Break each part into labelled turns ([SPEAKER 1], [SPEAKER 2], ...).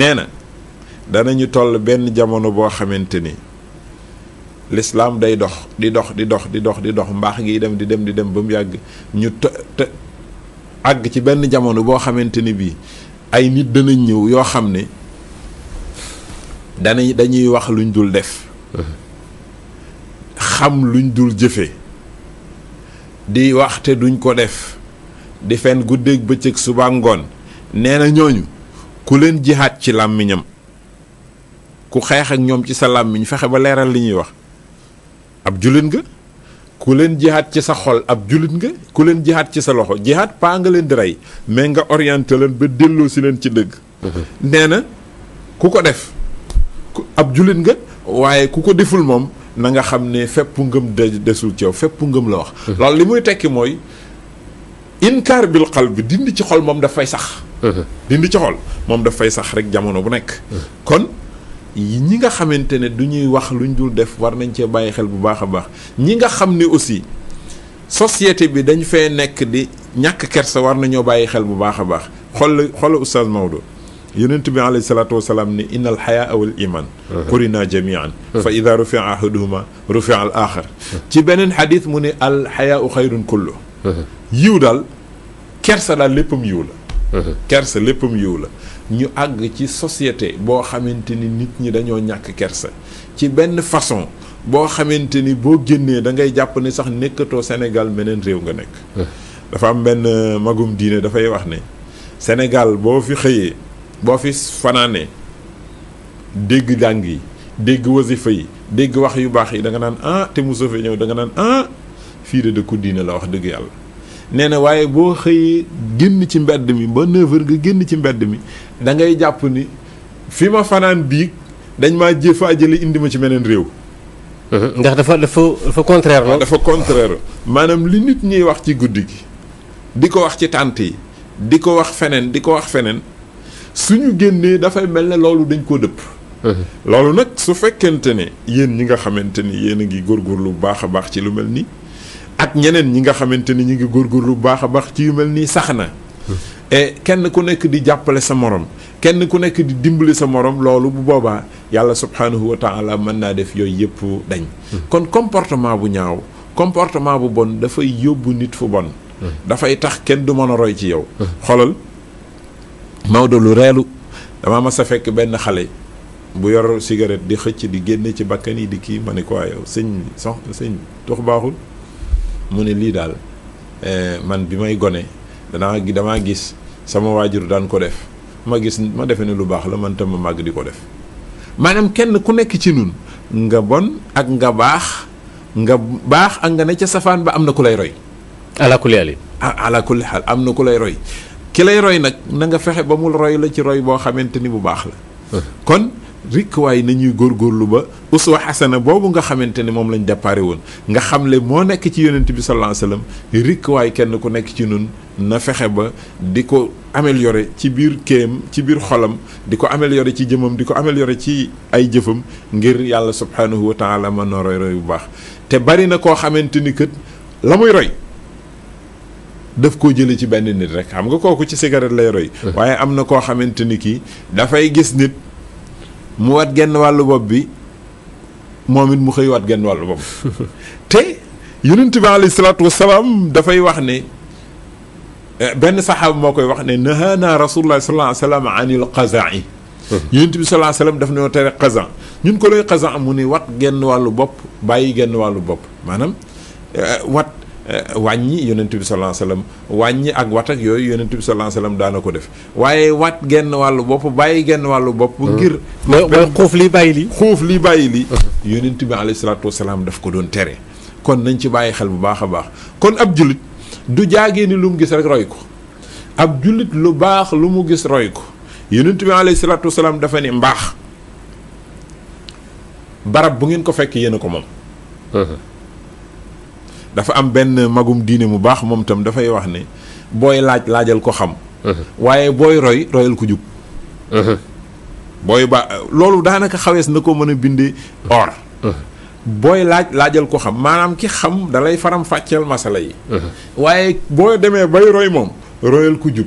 [SPEAKER 1] nee na danañu toll benn jamono boo xamante ni lislaam day dox di dox di dox di dox di dox mbaax ngi dem di dem di dem ba mu yàgg ñu te te àgg ci benn jamono boo xamante ni bii ay nit danañ ñëw yoo xam ne danañ dañuy wax luñ dul def uh-huh. xam luñ dul jëfe di wax te duñ ko def di fen guddeeg bëccëg suba ngoon nee na ñooñu ku leen jihaat ci làmmiñam ku xeex ak ñoom ci sa làmmiñ fexe ba leeral li ñuy wax ab jullit nga ku leen jihaat ci sa xol ab jullit nga ku leen jihaat ci sa loxo jihaat paa nga leen di rey mais nga orienté leen ba delloo si leen ci dëgg nee na ku ko def ab jullit nga waaye ku ko deful moom na nga xam ne fépp ngëm de desul ci yow fépp ngëm la wax loolu li muy tekki mooy inkaar bil xal bi dindi ci xol moom dafay sax dindi coxol moom daf fay sax rek jamono bu nekk. kon ñi nga xamante ne du ñuy wax luñ dul def war nañ cee bàyyi xel bu baax a baax ñi nga xam ne aussi société bi dañ fee nekk di ñàkk kersa war nañoo bàyyi xel bu baax a baax xool xoola oustaz Maodo. yonent bi alayhi salaatu wasalaam ni innal xayaa wal iman qurina jamian fa ida rufia ahaduhuma rufia al axar ci beneen xadis mu ne al xayaau xayrun kullu yiw daal kersa daal léppam yiw la Mhm. kersa léppam yiw la ñu àgg ci société boo xamante ni nit ñi dañoo ñàkk kerse ci benn façon boo xamante ni boo génnee da ngay jàpp ni sax nekkatoo Sénégal meneen réew nga nekk mhm. dafa am benn euh, magum diine dafay wax ne Sénégal boo fi xëyee boo fi fanaanee dégg jàng yi dégg wasifa yi dégg wax yu baax yi da nga naan ah te mu sofe ñëw danga nga naan ah fii de dëkku diine la wax dëgg yàlla nee na waaye boo xëyee génn ci mbedd mi ba 9h nga génn ci mbedd mi dangay jàpp ni fi ma fanaan biig dañ ma jë faa jële indi ma ci meneen réew. Mhm. ndax dafa dafa dafa contraire la. dafa contraire maanaam li nit ñuy wax ci guddi gi di ko wax ci tànt yi di ko wax feneen di ko wax feneen suñu génnee dafay mel ne loolu dañ koo dëpp. Mhm. loolu nag su fekkente ne yéen ñi nga xamante ni yéen a ngi góorgóorlu lu baax a baax ci lu mel nii. ak ñeneen ñi nga xamante ni ñu ngi góorgóorlu bu baax a baax ci yu mel nii sax na. kenn ku nekk di jàppale sa morom kenn ku nekk di dimbali sa morom loolu bu boobaa yàlla subhanahu wa taala mën naa def yooyu yëpp dañ. kon comportement bu ñaaw comportement bu bon dafay yóbbu nit fu bon. dafay tax kenn du mën a roy ci yow. xolal Maodo lu reelu dama mas a fekk benn xale bu yor cigarette di xëcc di génne ci bakkan yi di kii ma ne ko waaye yow sëñ bi sox sëñ tux mu ne lii daal eh, man bi may gone danaa damaa gis sama waajur daan ko def ma gis ma defe ne lu baax la man tam ma màgg di ko def maanaam kenn ku nekk ci nun nga bon ak nga baax nga baax ak nga ne ca safaan ba am na ku lay roy. ala kulli haal ala am na ku lay roy ki lay roy nag na fexe ba mu roy la ci roy boo xamante ni bu baax la kon. rikk waaye nañuy góorlu ba uswa xasana boobu nga xamante ne moom lañu déparé woon nga xam le moo nekk ci yonent bi sallallahu alayhi wasallam rikk waaye kenn ku nekk ci nun na fexe ba di ko améliorer ci biir kéem ci biir xolam di ko améliorer ci jëmam di ko améliorer ci ay jëfam ngir yàlla subhanahu wa taala mën na roy roy bu baax te bari na koo xamante ni kët la muy roy daf koo jëlee ci benn nit rek xam nga kooku ci cigarette lay roy waaye am na ni mu wat genn wàllu bopp bi moom it mu xëy wat genn wàllu bopp te yonent bi alayhi salaatu wasalaam dafay wax ne eh, benn saxaaba moo koy wax ne nahaana rasulullah sallallahu alayhi wasallam anil qaza'i yonent bi sallallahu alayhi daf ne tere qaza ñun ko looy qaza mu ne wat genn wàllu bopp bàyyi genn wàllu bopp maanaam eh, wat Eh, wàññi yonent bi sallallahu alayhi wasallam wàññi ak wat ak yooyu yonent bi sallallahu alayhi wasallam daana ko def waaye wat genn wàll bopp bàyyi genn wàllu bopp hmm. ngir mooy xuuf li bàyyi li xuuf li bàyyi li uh-huh. yonent bi alayhi salaatu wasalaam daf ko doon tere kon nañ ci bàyyi xel bu baax a baax kon ab jullit du jaagee ni lu mu gis rek roy ko ab jullit lu baax lu mu gis roy ko yonent bi alayhi salaatu wasalaam dafa ne mbaax barab bu ngeen ko fekk yéen ko moom uh-huh. dafa am benn magum diine mu baax moom itam dafay wax ni booy laaj laajal ko xam. Uh-huh. waaye booy roy royal ku jub. Uh-huh. booy ba loolu daanaka xawees na ko mën a binde or. Uh-huh. booy laaj laajal ko xam maanaam ki xam dalay faram fàcceel masala yi. waaye boo demee bay roy moom royal ku jub.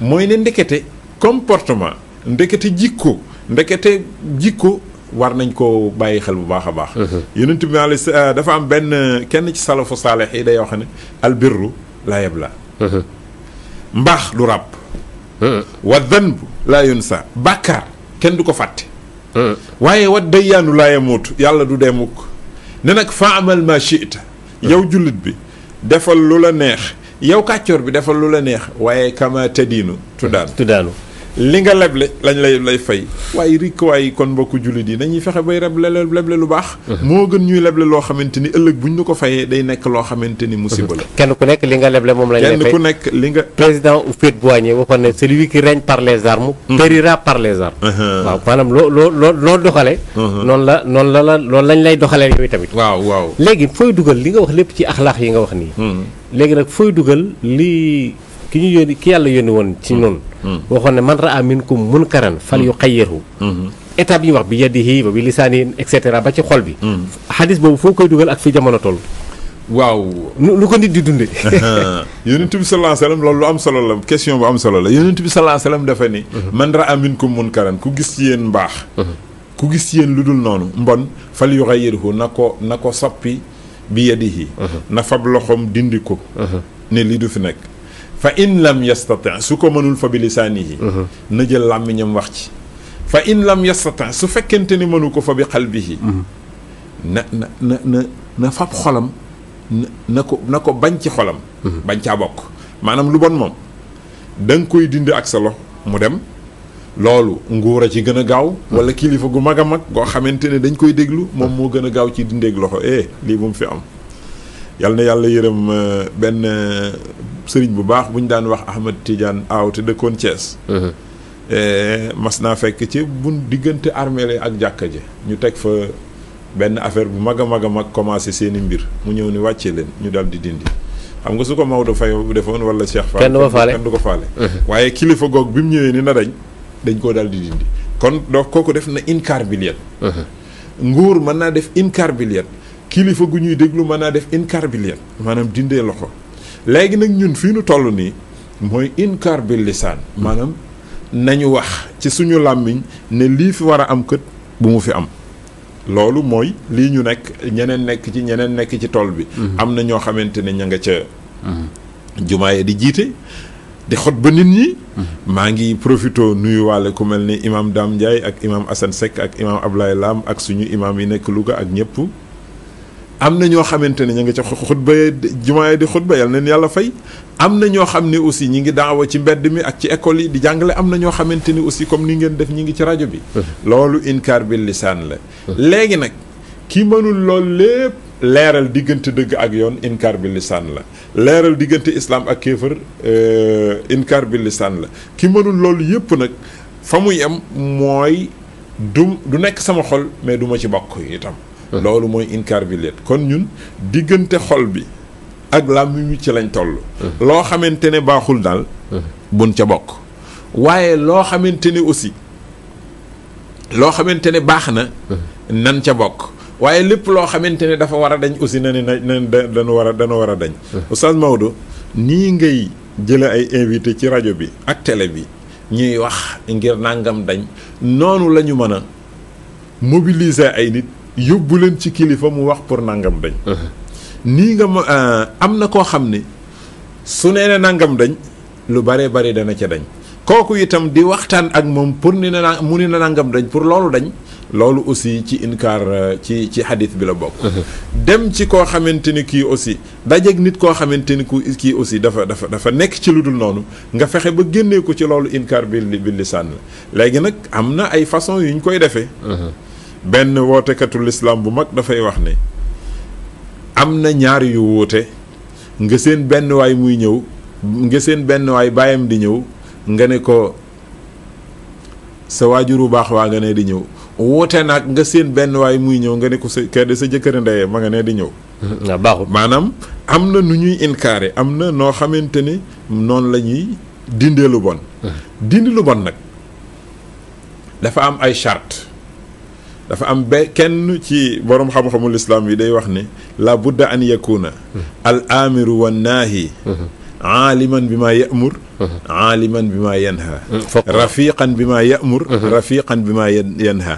[SPEAKER 1] mooy ne ndekete comportement ndekete jikko ndekete jikko. war nañ koo bàyyi xel bu baax a baax. Mhm. yonent bi ah, dafa am benn kenn ci salafu saalix yi day wax ne albirru laa yabla. Mhm. mbaax du ràpp. Mhm. wa danbu laa yunsa bàkkaar kenn du ko fàtte. waaye wat dayyaanu laa yamuutu yàlla du dee mukk ne nag fa amal ma shiita yow jullit bi defal lu la neex yow kàccoor bi defal lu la neex waaye kama diinu tuddaanu tuddaanu li nga leble lañ lay lay fay waaye rikk waaye kon mbokku jullit yi nañuy fexe bay leble leble lu baax. Mhm. moo gën ñuy leble loo xamante ni ëllëg buñ ñu ko fayee day nekk loo xamante ni musiba la. kenn ku nekk li nga leble moom lañ lay fay kenn ku nekk li nga. président Houphouët-Boigny waxoon ne celui qui par les armes. Mhm. périra par les armes. Uh-huh. waaw maanaam loo loo loo loo doxalee. Uh-huh. noonu la noonu la la lool lañ lay doxalee yooyu tamit. waaw waaw léegi fooy dugal li nga wax lépp ci axlaax yi nga wax nii. Hmm. léegi nag fooy dugal li ki ñu yónni ki yàlla yónni woon ci hmm. noonu waxoon ne man raa minkum munkaran fal yuxayyirhu mm-hmm. étape yi wax bi yadihi ba bi lisaani et cetera ba ci xol bi xadis mm-hmm. boobu foo koy dugal ak fi jamono toll waaw lu ko nit di dunde yonent bi sallallahu alayhi wasallam loolu lu am solo la question bu am solo la yonent bi sallallahu alayhi wasallam dafa ni mm-hmm. man raa minkum munkaran ku gis ci yéen mbaax ku gis ci yéen lu dul noonu mbon fal yuxayyirhu na ko na ko soppi bi yadihi na fab loxoom dindi ko ne lii du fi nekk fa in lam yastati su ko mënul fa bi lisaanihi uh-huh. na jël làmmiñam wax ci fa in lam yastati su fekkente ni mënu ko fa bi qalbihi uh-huh. na na na na na fab xolam na ko na ko bañ ci xolam uh-huh. bañ caa bokk maanaam lu bon moom da koy dindi ak sa loxo mu dem loolu nguur a ci gën a gaaw wala kilifa gu mag a mag goo xamante ne dañ koy déglu moom moo gën a gaaw ci dindeeg loxo eh lii bu mu fi am yal na yàlla yërëm euh, benn sëriñ bu baax bu ñu daan wax Ahmed Tidiane Aw te dëkkoon Thiès. Uh-huh. Eh, mas naa fekk ci bun diggante armeel ak jàkka ji ñu teg fa benn affaire bu mag a mag a mag commencé seen mbir mu ñëw ni wàccee leen ñu daal di dindi. xam nga su ko Maodo Faye defoon wala Cheikh Fall. kenn du ko faale kenn du ko faale. Uh-huh. waaye kilifa goog bi mu ñëwee ni na dañ dañ koo daal di dindi kon doo kooku def na incar billet. Uh-huh. nguur mën naa def incar billet kilifa gu ñuy déglu mën naa def incar billet maanaam dindee loxo. léegi nag ñun fii nu toll nii mooy inkar bil lisaan maanaam nañu wax ci suñu làmmiñ ne lii fi war a am kët bu mu fi am loolu mooy lii ñu nekk ñeneen nekk ci ñeneen nekk ci tool bi mhm. am na ñoo xamante ne ña nga ca mhm. jumaaya di jiite di xot ba nit ñi mhm. maa ngi profité nuyuwaale ku mel ni imam Dame njaay ak imaam Assane Seck ak imam Ablaye Lam ak suñu imaam yi nekk Louga ak ñëpp am na ñoo xamante ne ñu ngi ca xutba jumaa di xutba yal nañu yàlla fay am na ñoo xam ni aussi ñi ngi daawa ci mbedd mi ak ci école yi di jàngale am na ñoo xamante ni aussi comme ni ngeen def ñi ngi ci rajo bi loolu inkaar bil lisaan la léegi nag ki mënul loolu diggante dëgg ak yoon inkaar bi lisaan la leeral diggante islaam ak kéefër euh, inkaar bi lisaan la ki mënul loolu yëpp nag fa mu yem mooy du du nekk sama xol mais duma ci bokk itam Uh-huh. loolu mooy inkar bi leet kon ñun diggante xol bi ak làmmiñ wi ci lañ toll uh-huh. loo xamante ne baaxul daal uh-huh. buñ ca bokk waaye loo xamante ni aussi loo xamante ne baax na nan ca bokk waaye lépp loo xamante ne dafa war a dañ aussi na ne na dañu war a dañu war a dañ Oustaz Maodo nii ngay jële ay invité ci rajo bi ak tele bi ñuy wax ngir nàngam dañ noonu la ñu mën a mobiliser ay nit yóbbu ci kilifa mu wax pour nangam dañ. nii nga ma eh, am na koo xam ni su nee ne nangam dañ lu baree bari dana ca dañ kooku itam di waxtaan ak moom pour ni na mu ni na nangam dañ pour loolu dañ loolu aussi ci inkaar eh, ci ci hadith bi la bokk. dem ci koo xamante ni kii aussi dajeeg nit koo xamante ni ku kii aussi dafa dafa dafa nekk ci lu dul noonu nga fexe ba génnee ko ci loolu inkaar bi bi lisaan la léegi nag am na ay façon yu ñu koy defee. benn wootekatu lislaam bu mag dafay wax ne am na ñaar yu wuute nga seen benn waay muy ñëw nga seen benn waay bàyyam di ñëw nga ne ko sa waajuru baax waa nga ne di ñëw wuute nag nga seen benn waay muy ñëw nga ne ko sa kër sa jëkkër ndeyee ma nga ne di ñëw ah, baaxul maanaam am na nu ñuy incaré am na noo xamante ni noonu la ñuy dindee lu bon dindi lu bon nag dafa am ay charte dafa am be kenn ci borom xam-xamul islam yi day wax ni la budda an yakuna al amiru wa naahi aaliman bi ma yamur aaliman bi maa yanha rafiqan bi maa yamur bi maa yanha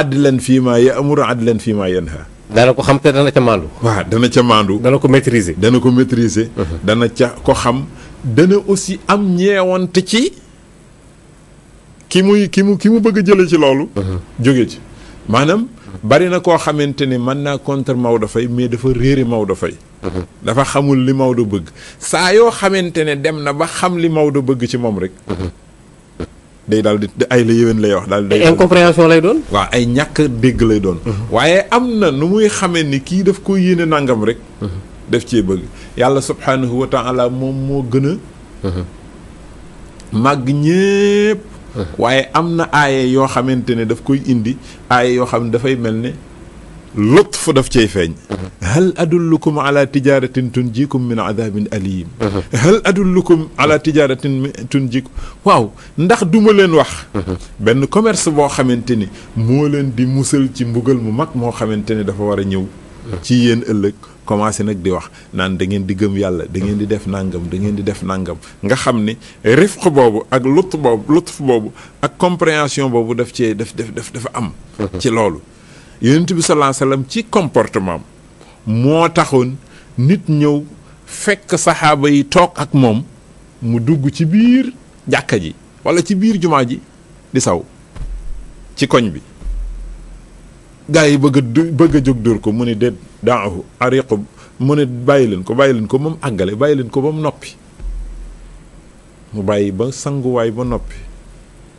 [SPEAKER 1] adlan fii maa yamur adlan fii maa yanha dana ko xam te dana ca maandu waaw dana ca maandu dana ko maîtriser dana ko maîtriser mhm. dana ca ko xam dana aussi am ñeewante ci ki muy ki mu ki mu bëgg a jële ci loolu mhm. jóge ci maanaam bari na koo xamante ni mën naa contre Maodo Faye mais dafa réere Maodo Faye dafa xamul li Maodo bëgg saa yoo xamante ne dem na ba xam li Maodo bëgg ci moom rek day daal di ay la yéwén lay wax daal di incompréhension lay doon waaw ay ñàkk dégg lay doon waaye am na nu muy xamee ni kii daf ko yéene nangam rek def cee bëgg yàlla subhanahu wa taala moom moo gën a mhm. màgg ñépp waaye am na aaye yoo xamante ne daf koy indi aaye yoo xam ne dafay mel ne fu daf cay feeñ hal adullukum ala tijaratin tunjikum min adabin alim hal adullukum ala tijaratin waaw ndax duma leen wax benn commerce boo xamante ni moo leen di musal ci mbugal mu mag moo xamante ne dafa war a ñëw ci yéen ëllëg commencé nag di wax naan da ngeen di gëm yàlla da ngeen di def nangam dangeen di def nangam nga xam ni rifq boobu ak lutf boobu lutf boobu ak compréhension boobu daf cee daf daf dafa am. Mhm. ci loolu yonent bi sallallahu alayhi wasallam ci comportement moo taxoon nit ñëw fekk saxaaba yi toog ak moom mu dugg ci biir jàkka ji wala ci biir jumaa ji di saw ci koñ bi. gaa yi bëgg a du bëgg a jóg dóor ko mu ne déet daahu ariqu mu ne bàyyi leen ko bàyyi leen ko moom àggale bàyyi leen ko ba mu noppi mu bàyyi ba sanguwaay ba noppi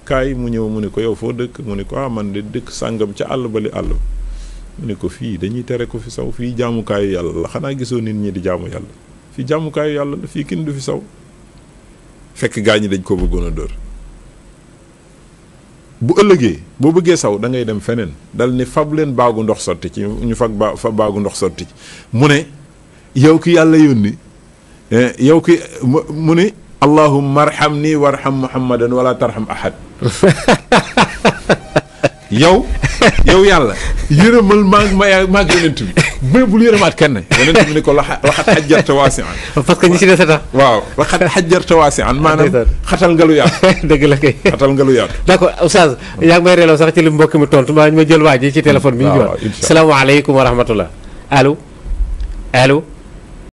[SPEAKER 1] kaay mu ñëw mu ne ko yow foo dëkk mu ne ko ah man de dëkk sàngam ca àll ba li àll ba mu ne ko fii dañuy tere ko fi saw fii jaamukaayu yàlla la xanaa gisoo nit ñi di jaamu yàlla fii jaamukaayu yàlla la fii kenn du fi saw fekk gaa ñi dañ ko bëggoon a dóor bu ëllëgee boo bëggee saw dangay dem feneen dal ni fab leen baagu ndox sotti ci ñu fag ba baagu ndox sotti ci mu ne yow ki yàlla yónni eh, yow ki mu ni allahumma arham nii warham muhammadan wala tarham ahad yow yow yàlla yërëmal maag ma maag yonent bi bu bu lu yërëmaat kenn yonent bi ni ko laxat xajjar tawaasi an parce que ñi si des a tax waaw laxat xajjar tawaasi an maanaam xatal nga lu yaatu dëgg la kay xatal nga lu yaatu d' accord oustaz yaa ngi may reeloo sax ci li mbokk mi tontu maa ñu ma jël waa ji ci téléphone bi ñu jox salaamaaleykum wa rahmatullah allo allo